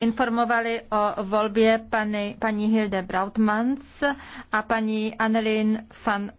informovali o volbě paní Hilde Brautmans a paní Annelien van